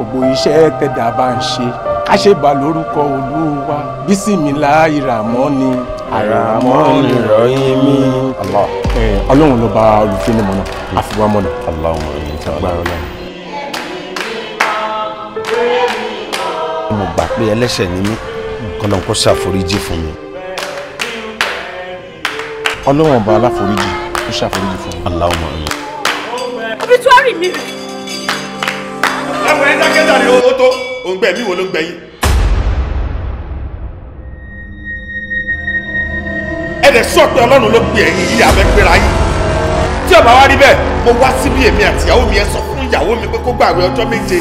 gbogbo iṣẹ́ tẹ̀dá bá ń ṣe ká ṣe bá lórúkọ olúwa bísímìlá ìràmọ́ ni àràmọ́ nìrọ̀yìn mi. ọlọ́run ló bá olùfẹ́ hmm. mọ̀nà àfiwá mọ̀nà. aláwọ̀ ẹ̀yìn tí wọ́n gbàrọ̀ lẹ́nu. mo gbà pé ẹlẹ́ṣẹ̀ ni mí kọ́lọ́n kó ṣàforíjì fún mi. ọlọ́run ọba aláforíjì kó ṣàforíjì fún mi. aláwọ̀ ẹ̀yìn. obituari mi rè é ọkùnrin dákẹ́jà ni ó tó òun gbẹ̀mí wo ló ń gbẹ̀yìn ẹ̀dẹ̀ sọ pé ọlọ́run ló gbé ẹ̀yìn yìí abẹ́gbéra yìí tí ọba wa rí bẹ́ẹ̀ mo wá síbí èmi àti ìyàwó mi ẹ sọ fún ìyàwó mi pé kó gbàwé ọjọ́ méje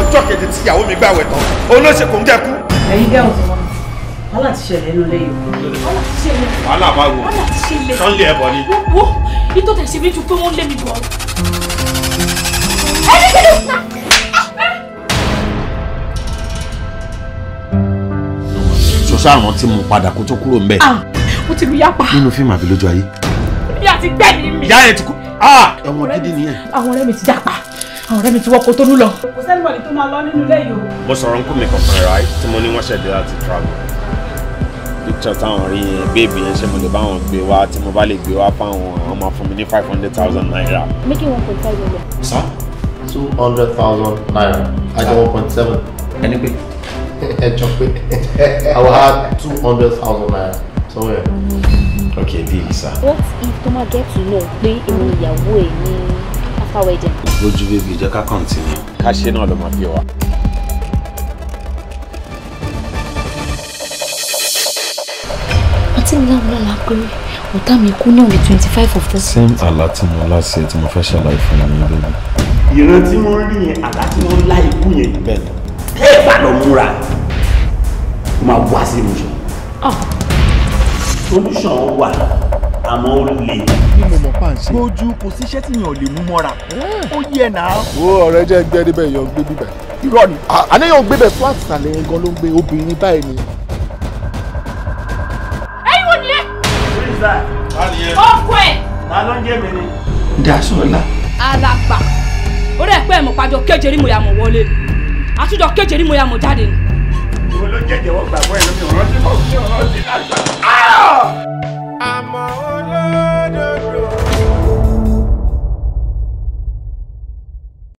ọjọ́ keje tí ìyàwó mi gbàwé tán olóṣè kò ń jẹ́ kú. ẹ̀yin dẹ́ òun wọn wàhálà ti ṣẹlẹ̀ ẹnu lẹ́yìn wàhálà ti ṣẹlẹ̀ wàhálà bá wò wàhálà ti ṣẹlẹ̀ sọ́ńlẹ̀ ẹ̀bọ ni. wo ìtọ́tẹ̀ ṣe bí ju pé wọ́n lé mi bọ̀. ẹni kìlọ̀ ṣàrántí mu padà kó tó kúrò ńbẹ̀. ó ah, ti lu yapa. nínú fíìmù àbí lójú ayé. ìyá ti gbẹ̀mí mi. ìyá yẹn ti kú ah, ẹ̀wọ̀n gidi nìyẹn. àwọn ọ̀rẹ́ mi ti jápa àwọn ọ̀rẹ́ mi ti wọ́pọ̀ tó lù lọ. kò sẹ́nìwọ̀n tó máa lọ nínú ilé yìí o. mo sọ̀rọ̀ nkú mi kankan rà á tí mo ní wọ́n ṣẹ̀dẹ̀ láti travel. picture táwọn rí yẹn bébì yẹn ṣe mo lè bá wọn gbé wá tí mo bá lè gbé wá fáwọn àwọn máa fún mi ní five hundred thousand naira. making one point five million. sir two hundred thousand naira àjọ one point seven. ẹni pé I will have two hundred thousand naira somewhere. Mm-hmm. okay deal sir. what if toma gets to know pé èmi ìyàwó ẹ ní after wedding. ojú bèbí jẹ́ ká continue. ká ṣe náà ló máa bí wa. àti ńlá ńlá la ọ̀tá mi kú náà ní twenty five of this. same àlá tí mo lá sí ẹ tí mo fẹ́ ṣàlàyé fún mi lónìí. ìran tí wọ́n rí yẹn àlá tí wọ́n lá ikú yẹn. bẹ́ẹ̀ ẹ bá lọ múra ó máa wá sí ìmúṣọ. Ah. solution wà àmọ́ ó lè. bí mo mọ̀ pa n ṣe. lójú kò sí iṣẹ́ tíyan ò lè mú mọ́ra ó yẹ náà. wo ọ̀rẹ́ jẹ́ gbẹ́ níbẹ̀ yọ gbé bíbẹ̀. irọ́ ni àníyàn gbé bẹ̀ fún àtìsàlẹ̀ yẹn gan ló ń gbé obìnrin báyìí ni. ẹyin wo nìyẹn. ọkọ ẹ. ta ló ń jẹ́ mi ni. dasọ̀la. alapa ó rẹ̀ pé ẹ̀mọ̀pájọ kéje rí mo yà mọ̀ wọlé àtúndọ̀ kéje ni mo ya mọ̀ jáde ni. ìwọ ló jẹ́jẹ́ wọ́n gbàgbọ́ ẹ̀ lómi ọ̀rọ̀ sí mọ̀ sí ọ̀rọ̀ sí láti.